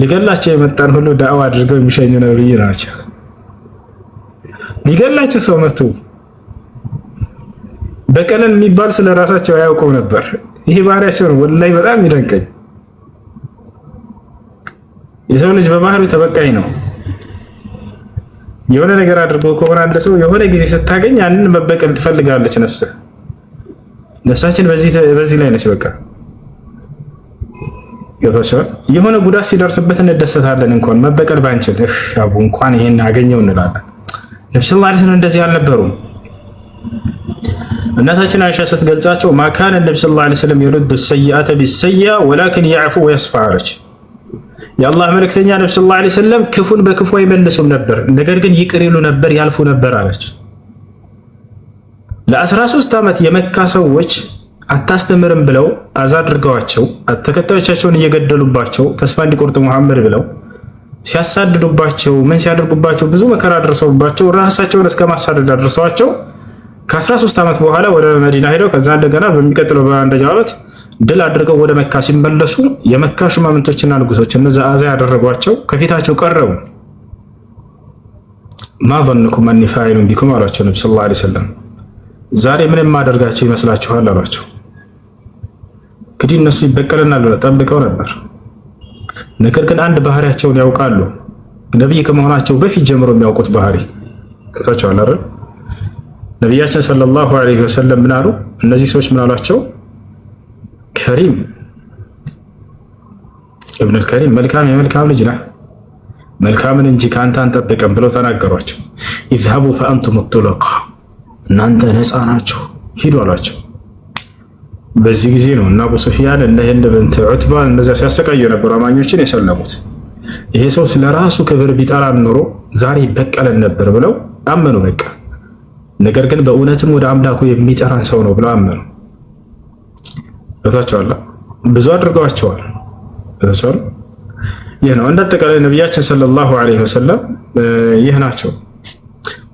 ሊገላቸው የመጣን ሁሉ ዳዕዋ አድርገው የሚሸኙ ነብይ ናቸው። ሊገላቸው ሰው መቶ በቀለል የሚባል ስለ ራሳቸው አያውቁም ነበር። ይሄ ባህሪያቸው ነው። ወላይ በጣም ይደንቀኝ። የሰው ልጅ በባህሪው ተበቃኝ ነው። የሆነ ነገር አድርጎ ከሆነ አንድ ሰው የሆነ ጊዜ ስታገኝ ያንን መበቀል ትፈልጋለች ነፍስ። ነፍሳችን በዚህ ላይ ነች በቃ የሆነ ጉዳት ሲደርስበት እንደሰታለን። እንኳን መበቀል ባንችል አቡ እንኳን ይሄን አገኘው እንላለን። ነብስ ላ ስለም እንደዚህ አልነበሩም። እናታችን አይሻ ስትገልጻቸው ማካነ ነብስ ላ ስለም የርዱ ሰይአተ ቢሰያ ወላኪን ያዕፉ ወየስፋ አለች። የአላህ መልእክተኛ ነብስ ላ ስለም ክፉን በክፉ አይመልሱም ነበር፣ ነገር ግን ይቅር ይሉ ነበር፣ ያልፉ ነበር አለች። ለ13 ዓመት የመካ ሰዎች አታስተምርም ብለው አዛ አድርገዋቸው ተከታዮቻቸውን እየገደሉባቸው ተስፋ እንዲቆርጡ መሐመድ ብለው ሲያሳድዱባቸው ምን ሲያደርጉባቸው ብዙ መከራ አድርሰውባቸው ራሳቸውን እስከ ማሳደድ አድርሰዋቸው ከ13 ዓመት በኋላ ወደ መዲና ሄደው ከዛ እንደገና በሚቀጥለው በአንደኛው ዓመት ድል አድርገው ወደ መካ ሲመለሱ የመካ ሹማምንቶችና ንጉሶች እነዚ አዛ ያደረጓቸው ከፊታቸው ቀረቡ። ማዘንኩም አኒ ፋኢሉን ቢኩም አሏቸው ነቢ ስ ላ ሰለም ዛሬ ምን ማደርጋቸው ይመስላችኋል አሏቸው። እንግዲህ እነሱ ይበቀለናል ጠብቀው ነበር። ነገር ግን አንድ ባህሪያቸውን ያውቃሉ። ነቢይ ከመሆናቸው በፊት ጀምሮ የሚያውቁት ባህሪ ቸዋል አ ነቢያችን ሰለላሁ ዐለይሂ ወሰለም ምን አሉ? እነዚህ ሰዎች ምን አሏቸው? ከሪም እብኑል ከሪም መልካም የመልካም ልጅ ነህ፣ መልካምን እንጂ ከአንተ አንጠብቅም ብለው ተናገሯቸው። ኢዝሀቡ ፈአንቱም ጡለቃ እናንተ ነፃ ናችሁ ሂዱ አሏቸው። በዚህ ጊዜ ነው እና አቡ ሱፊያን እነ ህንድ ብንት ዑትባ እነዚያ ሲያሰቃዩ የነበሩ አማኞችን የሰለሙት። ይሄ ሰው ስለራሱ ክብር ቢጠራን ኖሮ ዛሬ በቀለን ነበር ብለው አመኑ። በቃ ነገር ግን በእውነትም ወደ አምላኩ የሚጠራን ሰው ነው ብለው አመኑ። ታቸዋላ ብዙ አድርገዋቸዋል። ይህ ነው እንደ አጠቃላይ ነቢያችን ሰለላሁ ዐለይሂ ወሰለም ይህ ናቸው።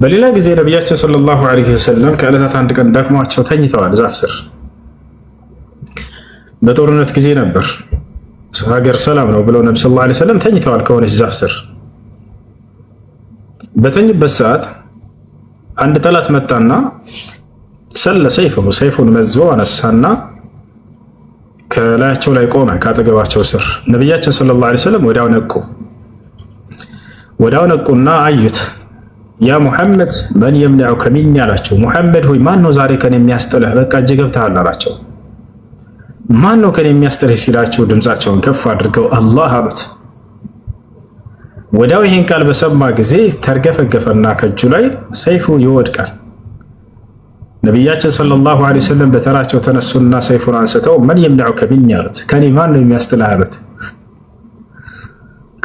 በሌላ ጊዜ ነቢያችን ሰለላሁ ዐለይሂ ወሰለም ከዕለታት አንድ ቀን ደክሟቸው ተኝተዋል ዛፍ ስር በጦርነት ጊዜ ነበር። ሀገር ሰላም ነው ብለው ነብ ሰለላሁ ዓለይሂ ተኝተዋል ከሆነች ዛፍ ስር። በተኝበት ሰዓት አንድ ጠላት መጣና ሰለ ሰይፈሁ ሰይፉን መዝቦ አነሳና ከላያቸው ላይ ቆመ፣ ከአጠገባቸው ስር። ነቢያችን ሰለላሁ ላ ሰለም ወዲያው ነቁ። ወዲያው ነቁና አዩት። ያ ሙሐመድ መን የምንያው ከሚኝ አላቸው። ሙሐመድ ሆይ ማን ነው ዛሬ ከን የሚያስጥልህ? በቃ እጅ ገብተሃል አላቸው። ማን ነው ከኔ የሚያስጥልህ ሲላቸው ድምፃቸውን ከፍ አድርገው አላህ አሉት። ወዲያው ይህን ቃል በሰማ ጊዜ ተርገፈገፈና ከእጁ ላይ ሰይፉ ይወድቃል። ነቢያችን ሰለላሁ ዐለይሂ ወሰለም በተራቸው ተነሱና ሰይፉን አንስተው መን የምነዑ ከሚኝ አሉት። ከኔ ማን ነው የሚያስጥልህ አሉት።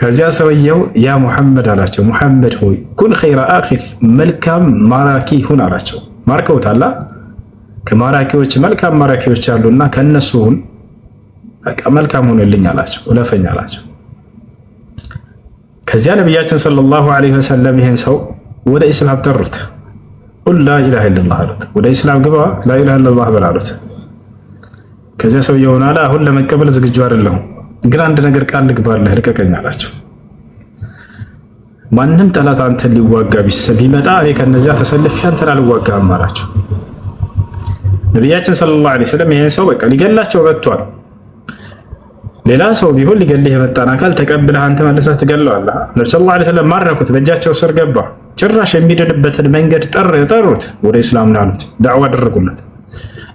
ከዚያ ሰውየው ያ ሙሐመድ አላቸው፣ ሙሐመድ ሆይ ኩን ኸይረ አኺፍ መልካም ማራኪ ሁን አላቸው። ማርከውታላ ማራኪዎች መልካም ማራኪዎች አሉና ከነሱ ሁን በቃ መልካም ሆነልኝ አላቸው፣ እለፈኝ አላቸው። ከዚያ ነቢያችን ሰለላሁ ዐለይሂ ወሰለም ይሄን ሰው ወደ ኢስላም ጠሩት። ቁል ላኢላሃ ኢለላህ አሉት። ወደ ኢስላም ግባ ላኢላሃ ኢለላህ በል አሉት። ከዚያ ሰው የሆነ አለ አሁን ለመቀበል ዝግጁ አይደለሁም፣ ግን አንድ ነገር ቃል ልግባለህ ልቀቀኝ አላቸው። ማንም ጠላት አንተን ሊዋጋ ቢመጣ እኔ ከነዚያ ተሰልፌ አንተን አልዋጋም አላቸው። ነቢያችን ሰለላሁ ዐለይሂ ወሰለም ይሄን ሰው በቃ ሊገላቸው በቷል ሌላ ሰው ቢሆን ሊገልህ የመጣን አካል ተቀብለህ አንተ መልሰህ ትገለዋለህ። ነቢ ሰለላሁ ዐለይሂ ወሰለም ማረኩት፣ በእጃቸው ስር ገባ። ጭራሽ የሚድንበትን መንገድ የጠሩት ወደ እስላም ላሉት ዳዕዋ አደረጉለት።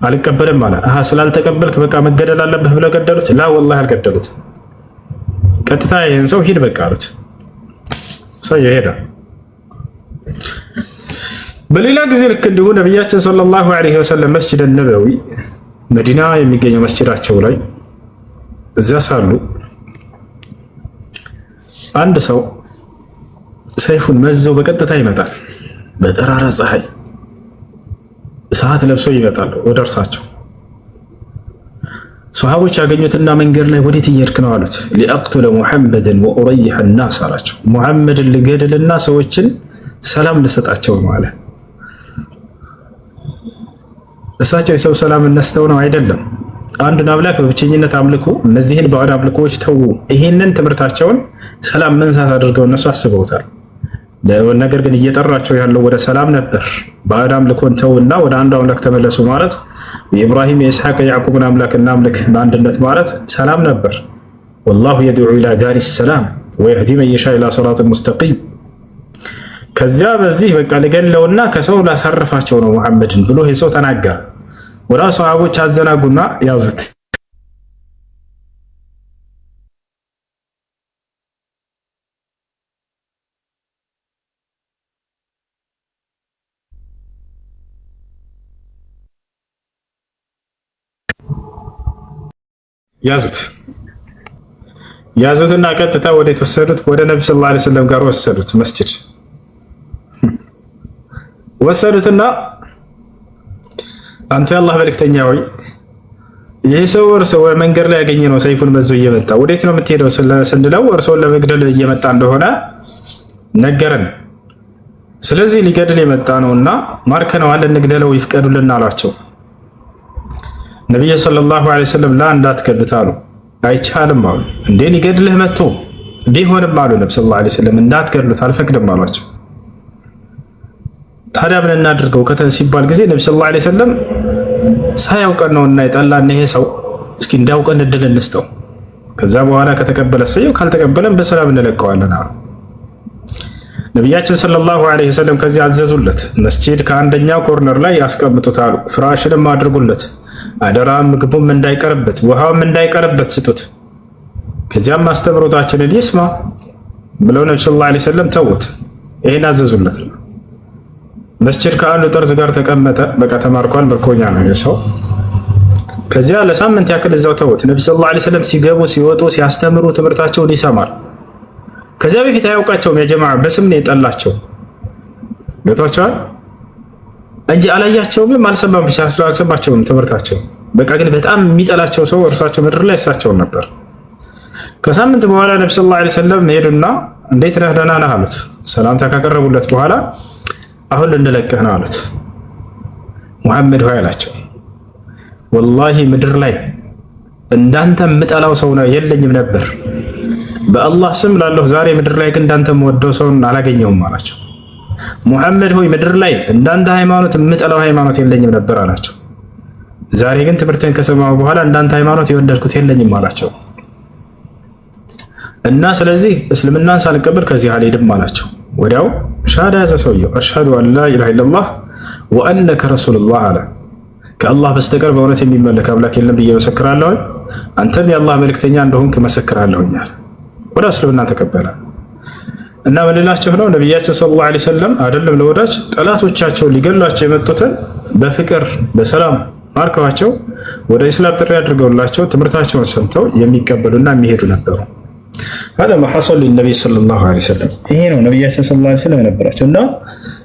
አልቀበልም አለ። አሀ ስላልተቀበልክ በቃ መገደል አለብህ ብለው ገደሉት። ላ ወላሂ አልገደሉት። ቀጥታ ይህን ሰው ሂድ በቃ አሉት። ሰውየው ይሄዳል። በሌላ ጊዜ ልክ እንዲሁ ነቢያችን ሰለላሁ ዐለይሂ ወሰለም መስጅደ ነበዊ መዲና የሚገኘው መስጅዳቸው ላይ እዛ ሳሉ አንድ ሰው ሰይፉን መዘው በቀጥታ ይመጣል። በጠራራ ፀሐይ ሰዓት ለብሶ ይመጣል ወደ እርሳቸው። ሰሃቦች ያገኙትና መንገድ ላይ ወዴት እየሄድክ ነው አሉት። ሊአቅቱለ ሙሐመድን ወኡረይሐ ናስ አላቸው። ሙሐመድን ልገድልና ሰዎችን ሰላም ልሰጣቸው ነው አለ። እሳቸው የሰው ሰላም እነስተው ነው አይደለም። አንዱን አምላክ በብቸኝነት አምልኩ፣ እነዚህን ባዕድ አምልኮዎች ተዉ። ይህንን ትምህርታቸውን ሰላም መንሳት አድርገው እነሱ አስበውታል። ነገር ግን እየጠራቸው ያለው ወደ ሰላም ነበር። ባዕድ አምልኮን ተውና ወደ አንዱ አምላክ ተመለሱ ማለት የኢብራሂም የኢስሐቅ የያዕቁብን አምላክ እናምልክ በአንድነት ማለት ሰላም ነበር። ወላሁ የድዑ ኢላ ዳሪ ሰላም ወየህዲ መን የሻእ ኢላ ሲራጢን ሙስተቂም ከዚያ በዚህ በቃ ልገለውና ከሰው ላሳርፋቸው ነው መሐመድን ብሎ ይህ ሰው ተናገረ። ወደ ሰሃቦች አዘናጉና ያዙት። ያዙት ያዙትና ቀጥታ ወደ የተወሰዱት ወደ ነቢ ሰለላሁ ዐለይሂ ወሰለም ጋር ወሰዱት መስጅድ ወሰዱትና አንተ የአላህ መልእክተኛ ሆይ ይህ ሰው እርስዎ መንገድ ላይ ያገኘ ነው፣ ሰይፉን በዞ እየመጣ ወዴት ነው የምትሄደው ስንለው እርስዎን ለመግደል እየመጣ እንደሆነ ነገረን። ስለዚህ ሊገድል የመጣ ነው ማርከነዋል፣ እንግደለው ይፍቀዱልን አሏቸው። ነቢዩ ሰለላሁ ዐለይሂ ወሰለም ላ እንዳትከብት አሉ። አይቻልም አሉ። እንዴ ሊገድልህ መጥቶ ቢሆንም አሉ ነብ ስ ላ እንዳትገድሉት አልፈቅድም አሏቸው። ታዲያ ምን እናድርገው ሲባል ጊዜ ነቢ ስ ላ ሰለም ሳያውቀን ነውና የጠላን ይሄ ሰው እስኪ እንዳውቀን እድል እንስጠው፣ ከዛ በኋላ ከተቀበለ ሰየው፣ ካልተቀበለን በሰላም እንለቀዋለን አሉ። ነቢያችን ሰለላሁ ዐለይሂ ወሰለም ከዚህ አዘዙለት። መስጂድ ከአንደኛው ኮርነር ላይ ያስቀምጡት አሉ። ፍራሽንም አድርጉለት፣ አደራ ምግቡም እንዳይቀርበት፣ ውሃውም እንዳይቀርበት ስጡት። ከዚያም አስተምሮታችንን ይስማ ብለው ነቢ ስ ላ ሰለም ተዉት። አዘዙለት ነው መስጅድ ከአንዱ ጠርዝ ጋር ተቀመጠ። በቃ ተማርኳል። ምርኮኛ ነው ሰው። ከዚያ ለሳምንት ያክል እዛው ተውት። ነቢ ስ ላ ስለም ሲገቡ ሲወጡ ሲያስተምሩ ትምህርታቸውን ይሰማል። ከዚያ በፊት አያውቃቸውም። የጀማ በስም ነው የጠላቸው። ገቷቸዋል እንጂ አላያቸውም፣ አልሰማም፣ አልሰማቸውም ትምህርታቸው። በቃ ግን በጣም የሚጠላቸው ሰው እርሳቸው ምድር ላይ እሳቸውን ነበር። ከሳምንት በኋላ ነቢ ስ ላ ስለም ሄዱና እንዴት ነህ ደህና ነህ አሉት። ሰላምታ ካቀረቡለት በኋላ አሁን ልንለቅህ ነው አሉት። ሙሐመድ ሆይ አላቸው፣ ወላሂ ምድር ላይ እንዳንተ የምጠላው ሰው የለኝም ነበር። በአላህ ስም ላለሁ ዛሬ ምድር ላይ ግን እንዳንተ የምወደው ሰውን አላገኘውም አላቸው። ሙሐመድ ሆይ ምድር ላይ እንዳንተ ሃይማኖት የምጠላው ሃይማኖት የለኝም ነበር አላቸው። ዛሬ ግን ትምህርትን ከሰማሁ በኋላ እንዳንተ ሃይማኖት የወደድኩት የለኝም አላቸው። እና ስለዚህ እስልምናን ሳልቀበል ከዚህ አልሄድም አላቸው። ወዲያው ሻዳ ያዘ ሰውየው። አሽሀዱ አን ላ ኢላሃ ኢለላህ ወአነከ ረሱሉላህ አለ። ከአላህ በስተቀር በእውነት የሚመለክ አምላክ የለም ብዬ መሰክራለሁ፣ አንተም የአላህ መልእክተኛ እንደሆንክ መሰክራለሁኛል። ወደ እስልምና ተቀበለ እና በሌላቸው ነው ነቢያቸው ሰለላሁ ዐለይሂ ወሰለም አይደለም ለወዳጅ ጠላቶቻቸው ሊገሏቸው የመጡትን በፍቅር በሰላም ማርከዋቸው ወደ ኢስላም ጥሪ አድርገውላቸው ትምህርታቸውን ሰምተው የሚቀበሉና የሚሄዱ ነበሩ። አለማ ሐሰል ነቢ ሰለላሁ ዐለይሂ ወሰለም ይሄ ነው ነቢያችን ሰለላሁ ዐለይሂ ወሰለም የነበራቸው እና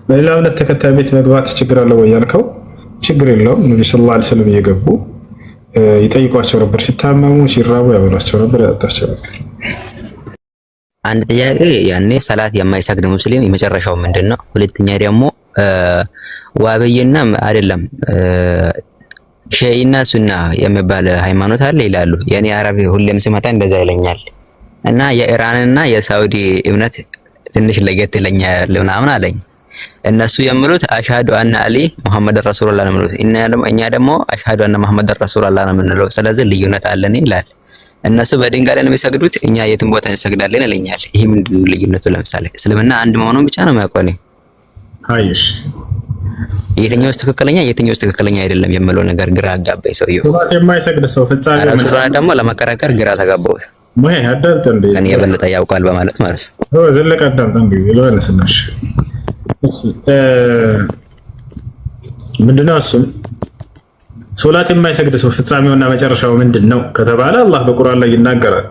በሌላ እምነት ተከታይ ቤት መግባት ችግር አለው ወይ ያልከው ችግር የለውም። ነቢ ሰለላሁ ዐለይሂ ወሰለም እየገቡ ይጠይቋቸው ነበር። ሲታመሙ፣ ሲራቡ ያበሏቸው ነበር፣ ያጠጣቸው ነበር። አንድ ጥያቄ ያኔ ሰላት የማይሰግድ ሙስሊም የመጨረሻው ምንድን ነው? ሁለተኛ ደግሞ ዋብይና አይደለም ሸይና ሱና የሚባል ሃይማኖት አለ ይላሉ። ያኔ አረብ ሁሌም ስመጣ እንደዛ ይለኛል። እና የኢራንና የሳውዲ እምነት ትንሽ ለየት ይለኛል ምናምን አለኝ። እነሱ የምሉት አሽሃዱ አነ አሊ ሙሐመድ ረሱሉላህ ነው የሚሉት። እኛ ደግሞ አሽሃዱ አነ ሙሐመድ ረሱሉላህ ነው የምንለው። ስለዚህ ልዩነት አለን ይላል። እነሱ በድንጋይ ላይ ነው የሚሰግዱት፣ እኛ የትም ቦታ እንሰግዳለን ይለኛል። ይሄ ምንድን ነው ልዩነቱ? ለምሳሌ እስልምና አንድ መሆኑን ብቻ ነው የሚያውቀው። አይሽ የትኛው ትክክለኛ የትኛው ትክክለኛ አይደለም የምለው ነገር ግራ አጋባኝ ሰውዬው። የማይሰግድ ሰው ፍጻሜ ደግሞ ለመከራከር ግራ ተጋባሁት። ሙሄ አዳምጥ እንዴ እኔ የበለጠ ያውቃል በማለት ማለት ነው። ዘለቀ አዳምጥ እንዴ ለሆነ እ ምንድነው እሱም ሶላት የማይሰግድ ሰው ፍጻሜውና መጨረሻው ምንድን ነው ከተባለ አላህ በቁርአን ላይ ይናገራል።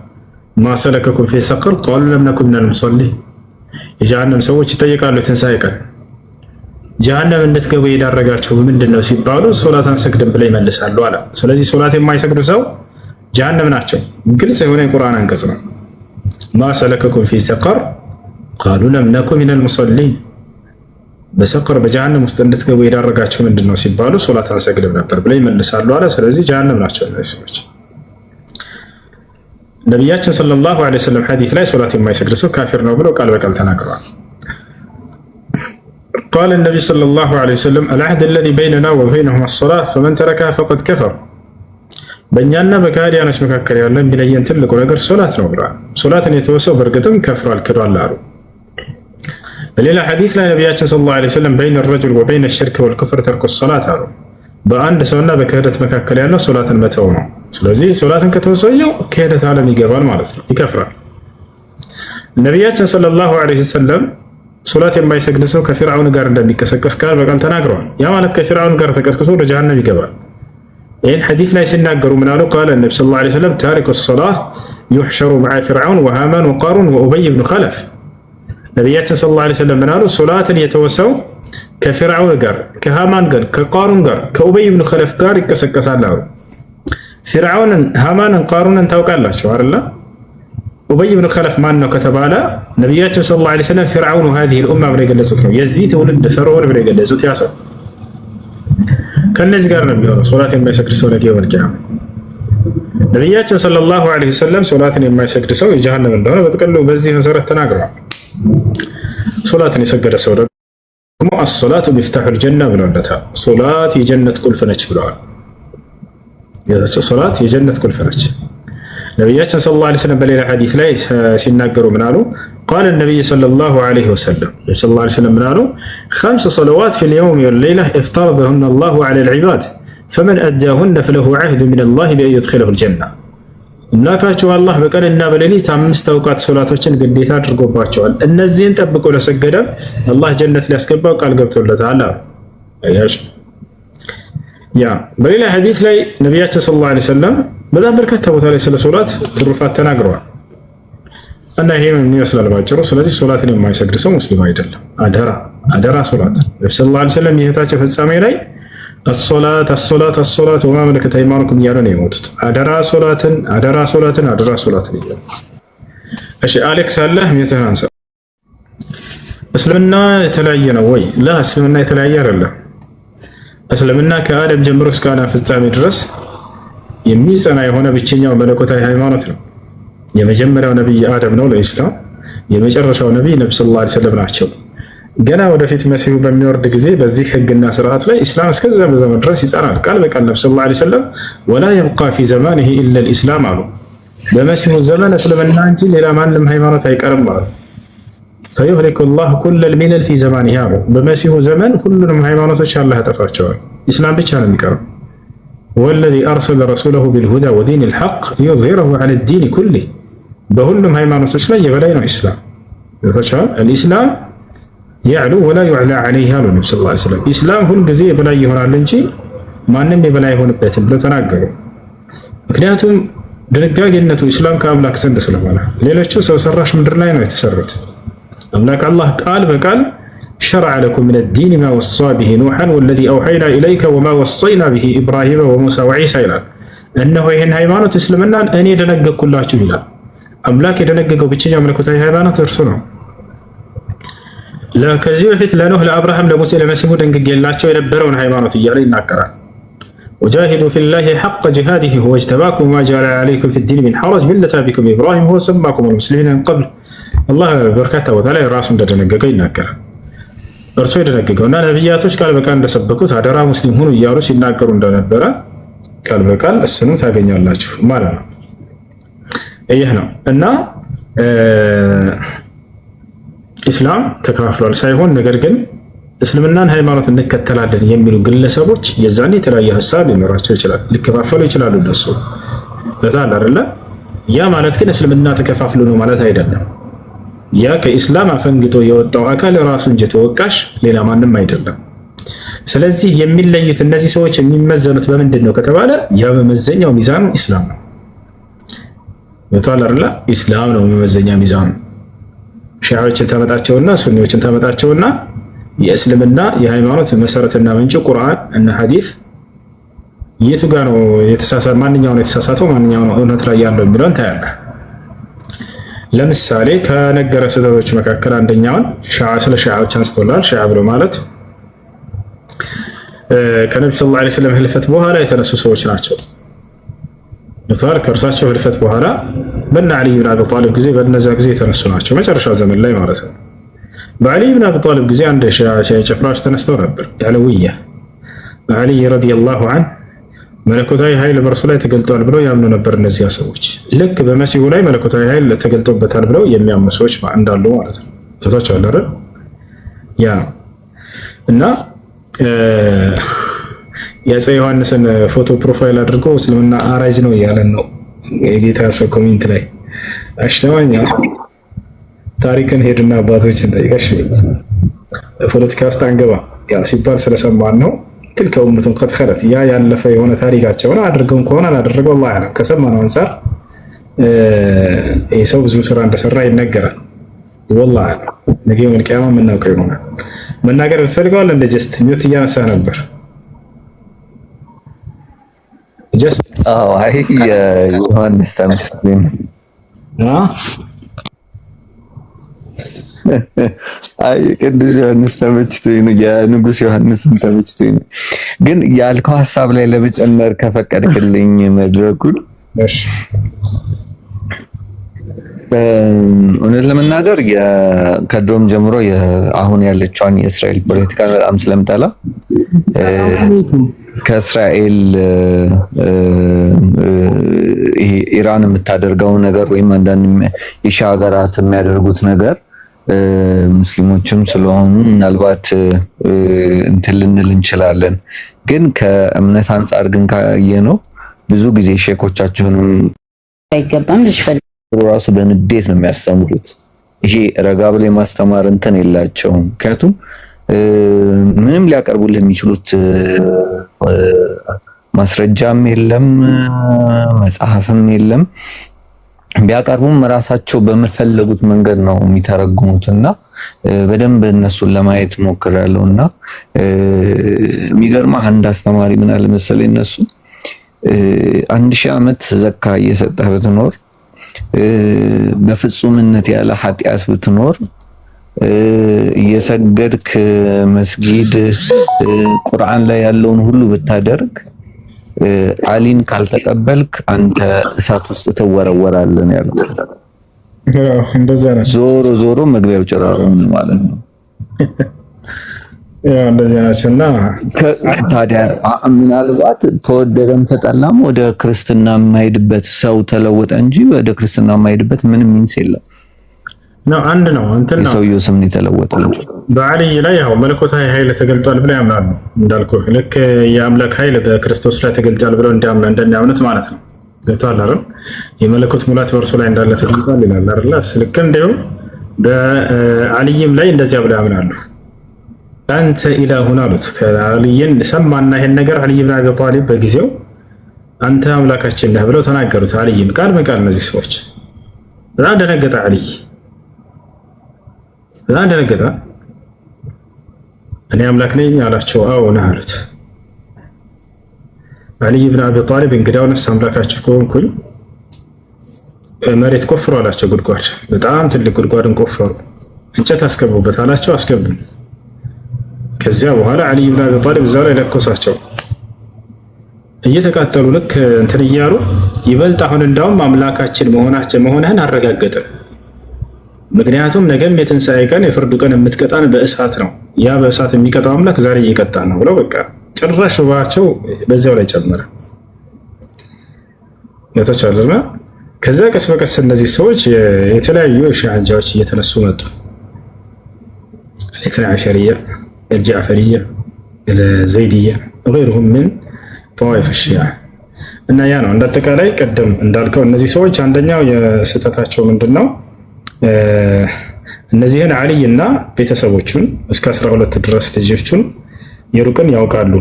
ማሰለከኩም ፊ ሰቅር ቃሉ ለም ነኩ ሚነል ሙሰሊን። የጀሃነም ሰዎች ይጠይቃሉ የትንሣኤ ቀን ጀሃነም እንድትገቡ የዳረጋችሁ ምንድን ነው ሲባሉ ሶላት አንሰግድም ብለው ይመልሳሉ አለ። ስለዚህ ሶላት የማይሰግድ ሰው ጀሃነም ናቸው። ግልጽ የሆነ የቁርአን አንቀጽ ነው። ማ ሰለከኩም ፊ ሰቀር ቃሉ ለም ነኩ ሚነል ሙሰሊን። በሰቀር በጀሃነም ውስጥ እንድትገቡ የዳረጋቸው ምንድን ነው ሲባሉ ሶላት አንሰግድም ነበር ብለው ይመልሳሉ አለ። ስለዚህ ጀሃነም ናቸው እነዚህ ሰዎች። ነቢያችን ሰለላሁ ዐለይሂ ወሰለም ሐዲስ ላይ ሶላት የማይሰግድ ሰው ካፊር ነው ብለው ቃል በቃል ተናግረዋል። ቃለ ነቢይ ሰለላሁ ዐለይሂ ወሰለም አልዐህድ አለዚ በይነና ወበይነሁም አሰላህ ፈመን ተረከሃ ፈቀድ ከፈር በእኛና በካዲያኖች መካከል ያለው የሚለየን ትልቁ ነገር ሶላት ነው ብለዋል። ሶላትን የተወሰው በእርግጥም ከፍሯል ክዷል አሉ። በሌላ ሐዲስ ላይ ነቢያችን ሰለላሁ ዐለይሂ ወሰለም በይነ ረጁል ወበይነ ሽርክ ወልኩፍር ተርኩ ሶላት አሉ። በአንድ ሰውና በክህደት መካከል ያለው ሶላትን መተው ነው። ስለዚህ ሶላትን ከተወሰየው ክህደት ዓለም ይገባል ማለት ነው፣ ይከፍራል። ነቢያችን ሰለላሁ ዐለይሂ ወሰለም ሶላት የማይሰግድ ሰው ከፊርዓውን ጋር እንደሚቀሰቀስ ቃል በቃል ተናግረዋል። ያ ማለት ከፊርዓውን ጋር ተቀስቅሶ ወደ ጀሃነም ይገባል። ይህን ሐዲስ ላይ ሲናገሩ ምን አሉ? ቃለ ነቢ ሰለላሁ ዐለይሂ ወሰለም ታሪኩ ሰላህ ዩሕሸሩ መዓ ፊርዓውን ወሃማን ወቃሩን ወኡበይ ብኑ ኸለፍ። ነቢያችን ሰለላሁ ዐለይሂ ወሰለም ምን አሉ? ሶላትን የተወሰው ከፊርዓውን ጋር፣ ከሃማን ጋር፣ ከቃሩን ጋር፣ ከኡበይ ብኑ ኸለፍ ጋር ይቀሰቀሳል አሉ። ፊርዓውንን፣ ሃማንን፣ ቃሩንን ታውቃላቸው አይደለ? ኡበይ ብኑ ኸለፍ ማን ነው ከተባለ ነቢያችን ሰለላሁ ዐለይሂ ወሰለም ፊርዓውን ሃዚሂል ኡማ ብለው የገለጹት ነው። የዚህ ትውልድ ፈርዖን ብለው የገለጹት ያ ሰው ከእነዚህ ጋር ነው የሚሆነው። ሶላት የማይሰግድ ሰው ነገ የወልቅ ነቢያችን ሰለላሁ ዐለይሂ ወሰለም ሶላትን የማይሰግድ ሰው የጀሃነም እንደሆነ በጥቅሉ በዚህ መሰረት ተናግረዋል። ሶላትን የሰገደ ሰው ደግሞ አሶላቱ ሚፍታሑል ጀና ብለውለታል። ሶላት የጀነት ቁልፍ ነች ብለዋል። ሶላት የጀነት ቁልፍ ነች። ነቢያችን ሰለላሁ ዓለይሂ ወሰለም በሌላ ሐዲስ ላይ ሲናገሩ ምናሉ ቃለ ነቢይ ሰለላሁ ዓለይሂ ወሰለም ሰለላሁ ዓለይሂ ወሰለም ምናሉ ኸምስ ሰለዋት ፊል የውም ወልሌላ እፍተረደሁነ አላሁ ዓለል ዒባድ ፈመን አዳሁነ ፈለሁ ዐህዱ ሚነላሂ ቢአን ይድኺለሁል ጀና አምላካችሁ አላህ በቀንና በሌሊት አምስት አውቃት ሶላቶችን ግዴታ አድርጎባቸዋል። እነዚህን ጠብቆ ለሰገደ አላህ ጀነት ሊያስገባው ቃል ገብቶለታል አሉ። ያ በሌላ ሐዲስ ላይ ነቢያችን ሰለላሁ ዓለይሂ ወሰለም በጣም በርካታ ቦታ ላይ ስለ ሶላት ትሩፋት ተናግረዋል። እና ይሄም ይመስላል ባጭሩ። ስለዚህ ሶላትን የማይሰግድ ሰው ሙስሊም አይደለም። አደራ አደራ ሶላት ነብዩ ሰለላሁ ዐለይሂ ወሰለም የህታቸው ፍጻሜ ላይ አሶላት አሶላት አሶላት ወማ መለከት አይማኑኩም እያለ ነው የሞቱት። አደራ ሶላትን አደራ ሶላትን አደራ ሶላትን እያለ እሺ፣ አሌክስ አለ ሜትህን አንሳ። እስልምና የተለያየ ነው ወይ? ላ እስልምና የተለያየ አይደለም። እስልምና ከአደም ጀምሮ እስከ አዳም ፍጻሜ ድረስ የሚጸና የሆነ ብቸኛው መለኮታዊ ሃይማኖት ነው። የመጀመሪያው ነቢይ አደም ነው ለኢስላም። የመጨረሻው ነቢይ ነቢ ስ ላ ሰለም ናቸው። ገና ወደፊት መሲሁ በሚወርድ ጊዜ በዚህ ህግና ስርዓት ላይ ኢስላም እስከዚያ በዘመን ድረስ ይጸናል። ቃል በቃል ነቢ ስ ላ ሰለም ወላ የብቃ ፊ ዘማን ይሄ ኢለል ኢስላም አሉ። በመሲሁ ዘመን እስልምና እንጂ ሌላ ማንም ሃይማኖት አይቀርም አሉ። ፈዩህሊኩ ላህ ኩለል ሚለል ፊ ዘማን አሉ። በመሲሁ ዘመን ሁሉንም ሃይማኖቶች አላህ ያጠፋቸዋል። ኢስላም ብቻ ነው የሚቀርም ወለዚ አርሰለ ረሱለሁ ቢልሁዳ ወዲን ልሐቅ ዩዝሂረሁ ዐለ ዲን ኩሊህ። በሁሉም ሃይማኖቶች ላይ የበላይ ነው ኢስላም። አልኢስላም ያዕሉ ወላ ዩዕላ ዐለይህ አሉ ነቢ ስ ስለም። ኢስላም ሁልጊዜ የበላይ ይሆናል እንጂ ማንም የበላይ አይሆንበትም ብለው ተናገሩ። ምክንያቱም ድንጋጌነቱ ኢስላም ከአምላክ ዘንድ ስለሆነ፣ ሌሎቹ ሰው ሰራሽ ምድር ላይ ነው የተሰሩት። አምላክ አላህ ቃል በቃል شرع لكم من الدين ما وصى به نوحا والذي أوحينا إليك وما وصينا به إبراهيم وموسى وعيسى إلى أنه ይህን ሃይማኖት እስልምናን እኔ ደነገግኩላችሁ ይላል። አምላክ የደነገገው ብቸኛ መለኮታዊ ሃይማኖት እርሱ ነው። ከዚህ በፊት ለኖህ ለአብርሃም፣ ለሙሴ፣ ለመሲሁ ደንግጌላቸው የነበረውን ሃይማኖት እያለ ይናገራል። ወጃሂዱ ፊላሂ ሐቀ ጂሃዲሂ ሁወ እጅተባኩም ወማ ጀዐለ ዐለይኩም ፊዲን ሚን ሐረጅ ሚለተ አቢኩም ኢብራሂም ሁወ ሰማኩም አልሙስሊሚን ሚን ቀብል። አላህ በርካታ ቦታ ላይ ራሱ እንደደነገገ ይናገራል። እርሱ የደነገገው እና ነቢያቶች ቃል በቃል እንደሰበኩት አደራ ሙስሊም ሁኑ እያሉ ሲናገሩ እንደነበረ ቃል በቃል እሱንም ታገኛላችሁ ማለት ነው። ይህ ነው እና ኢስላም ተከፋፍሏል ሳይሆን፣ ነገር ግን እስልምናን ሃይማኖት እንከተላለን የሚሉ ግለሰቦች የዛን የተለያየ ሀሳብ ሊኖራቸው ይችላል፣ ሊከፋፈሉ ይችላሉ። እነሱ በታል አደለ። ያ ማለት ግን እስልምና ተከፋፍሎ ነው ማለት አይደለም። ያ ከኢስላም አፈንግጦ የወጣው አካል ራሱ እንጂ ተወቃሽ ሌላ ማንም አይደለም። ስለዚህ የሚለዩት እነዚህ ሰዎች የሚመዘኑት በምንድን ነው ከተባለ ያ በመዘኛው ሚዛኑ ኢስላም ነው። ታላርላ ኢስላም ነው መመዘኛ ሚዛኑ። ሺዓዎችን ታመጣቸውና ሱኒዎችን ታመጣቸውና የእስልምና የሃይማኖት መሰረትና ምንጭ ቁርአን እና ሐዲስ የቱ ጋር ነው የተሳሳተው? ማንኛው ነው የተሳሳተው? ማንኛው ነው እውነት ላይ ያለው የሚለውን ታያለህ። ለምሳሌ ከነገረ ስህተቶች መካከል አንደኛውን ስለ ሻዎች አንስቶላል። ሻ ብሎ ማለት ከነቢ ስ ላ ስለም ህልፈት በኋላ የተነሱ ሰዎች ናቸው። ከእርሳቸው ህልፈት በኋላ በነ ዓሊ ብን አቢ ጊዜ በነዛ ጊዜ የተነሱ ናቸው። መጨረሻ ዘመን ላይ ማለት ነው። በዓሊ ብን አቢ ጊዜ አንድ ጨፍራዎች ተነስተው ነበር ያለውያ በዓሊ ረዲየላሁ ዐንሁ መለኮታዊ ኃይል በእርሱ ላይ ተገልጧል ብለው ያምኑ ነበር። እነዚያ ሰዎች ልክ በመሲሁ ላይ መለኮታዊ ኃይል ተገልጦበታል ብለው የሚያምኑ ሰዎች እንዳሉ ማለት ነው። ገብታችኋል አይደል? ያ ነው እና የአፄ ዮሐንስን ፎቶ ፕሮፋይል አድርጎ እስልምና አራጅ ነው እያለን ነው የጌታ ሰው ኮሜንት ላይ አሽለማኛ ታሪክን ሄድና አባቶችን ጠይቀሽ ፖለቲካ ውስጥ አንገባ ሲባል ስለሰማን ነው። ትልከ ኡመቱን ቀድ ኸለት ያ ያለፈ የሆነ ታሪካቸውን አድርገውን ከሆነ አላደረገው አላህ ያለም። ከሰማነው አንፃር ይህ ሰው ብዙ ስራ እንደሰራ ይነገራል። ወላሂ ያለም ነገ ወል ቂያማ የምናውቀው ይሆናል። መናገር ብትፈልገዋል እንደ ጀስት ሚውት እያነሳ ነበር። ጀስት አዎ አይ ዮሐንስ ተምሪም አይ ቅዱስ ዮሐንስ ተመችቶኝ ነው፣ የንጉስ ዮሐንስን ተመችቶኝ ነው። ግን ያልከው ሀሳብ ላይ ለመጨመር ከፈቀድክልኝ መድረኩን እውነት ለመናገር ከድሮም ጀምሮ አሁን ያለችዋን የእስራኤል ፖለቲካ በጣም ስለምጠላ ከእስራኤል ኢራን የምታደርገው ነገር ወይም አንዳንድ የሺ ሀገራት የሚያደርጉት ነገር ሙስሊሞችም ስለሆኑ ምናልባት እንትን ልንል እንችላለን። ግን ከእምነት አንጻር ግን ካየ ነው ብዙ ጊዜ ሼኮቻችሁንም አይገባም ራሱ በንዴት ነው የሚያስተምሩት። ይሄ ረጋ ብላ የማስተማር እንትን የላቸውም። ምክንያቱም ምንም ሊያቀርቡልህ የሚችሉት ማስረጃም የለም፣ መጽሐፍም የለም። ቢያቀርቡም ራሳቸው በምፈለጉት መንገድ ነው የሚተረጉሙት እና በደንብ እነሱን ለማየት ሞክራለሁ እና የሚገርማ አንድ አስተማሪ ምን አለ መሰለኝ እነሱ አንድ ሺህ ዓመት ዘካ እየሰጠህ ብትኖር በፍጹምነት ያለ ኃጢአት ብትኖር እየሰገድክ መስጊድ ቁርአን ላይ ያለውን ሁሉ ብታደርግ አሊን ካልተቀበልክ አንተ እሳት ውስጥ ትወረወራለህ ነው ያለው። ዞሮ ዞሮ መግቢያው ጭራሮ ማለት ነው። ታዲያ ምናልባት ተወደደም ተጠላም ወደ ክርስትና የማሄድበት ሰው ተለወጠ እንጂ ወደ ክርስትና የማሄድበት ምንም ሚንስ የለም። ነው አንድ ነው። እንትን ነው የሰውየው ስም የተለወጠ በአልይ ላይ ያው መለኮታዊ ኃይል ተገልጧል ብለው ያምናሉ። እንዳልኩ ልክ የአምላክ ኃይል በክርስቶስ ላይ ተገልጧል ብለው እንደሚያምኑት ማለት ነው። ገብቷል አይደል? የመለኮት ሙላት በእርሱ ላይ እንዳለ ተገልጧል ይላል አይደል? ልክ እንዲሁ በአልይም ላይ እንደዚያ ብለው ያምናሉ። አንተ ኢላሁን አሉት። ከአልይን ሰማና ይሄን ነገር አልይ ብን አቢ በጊዜው አንተ አምላካችን ነህ ብለው ተናገሩት። አልይን ቃል በቃል እነዚህ ሰዎች በጣም ደነገጠ አልይ በጣም ደነገጠ። እኔ አምላክ ነኝ አላቸው። አዎ ነህ አሉት። አልይ ብን አቢ ጣሊብ እንግዳው ነፍስ ከሆንኩኝ መሬት ቆፍሩ አላቸው። ጉድጓድ በጣም ትልቅ ጉድጓድን ቆፈሩ። እንጨት አስገቡበት አላቸው። አስገቡ። ከዚያ በኋላ አልይ ብን አቢ ጣሊብ እዛ ላይ ለኮሳቸው። እየተቃጠሉ ልክ እንትን እያሉ ይበልጥ አሁን እንዳውም አምላካችን መሆናችን መሆንህን አረጋገጥን ምክንያቱም ነገም የትንሣኤ ቀን የፍርዱ ቀን የምትቀጣን በእሳት ነው። ያ በእሳት የሚቀጣው አምላክ ዛሬ እየቀጣ ነው ብለው በቃ ጭራሽ ባቸው በዚያው ላይ ጨመረ ነቶች አለና ከዚያ ቀስ በቀስ እነዚህ ሰዎች የተለያዩ ሻንጃዎች እየተነሱ መጡ። ኤርትራ አሸርያ፣ ጃዕፈርያ፣ ዘይድያ ገይሩሁም ምን ጠዋይፍ ሺዓ እና ያ ነው እንዳጠቃላይ ቅድም እንዳልከው እነዚህ ሰዎች አንደኛው የስህተታቸው ምንድን ነው? እነዚህን አልይ እና ቤተሰቦቹን እስከ 12 ድረስ ልጆቹን የሩቅን ያውቃሉ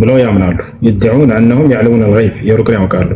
ብለው ያምናሉ። ይድዑን አነሁም ያዕለሙን አልገይብ የሩቅን ያውቃሉ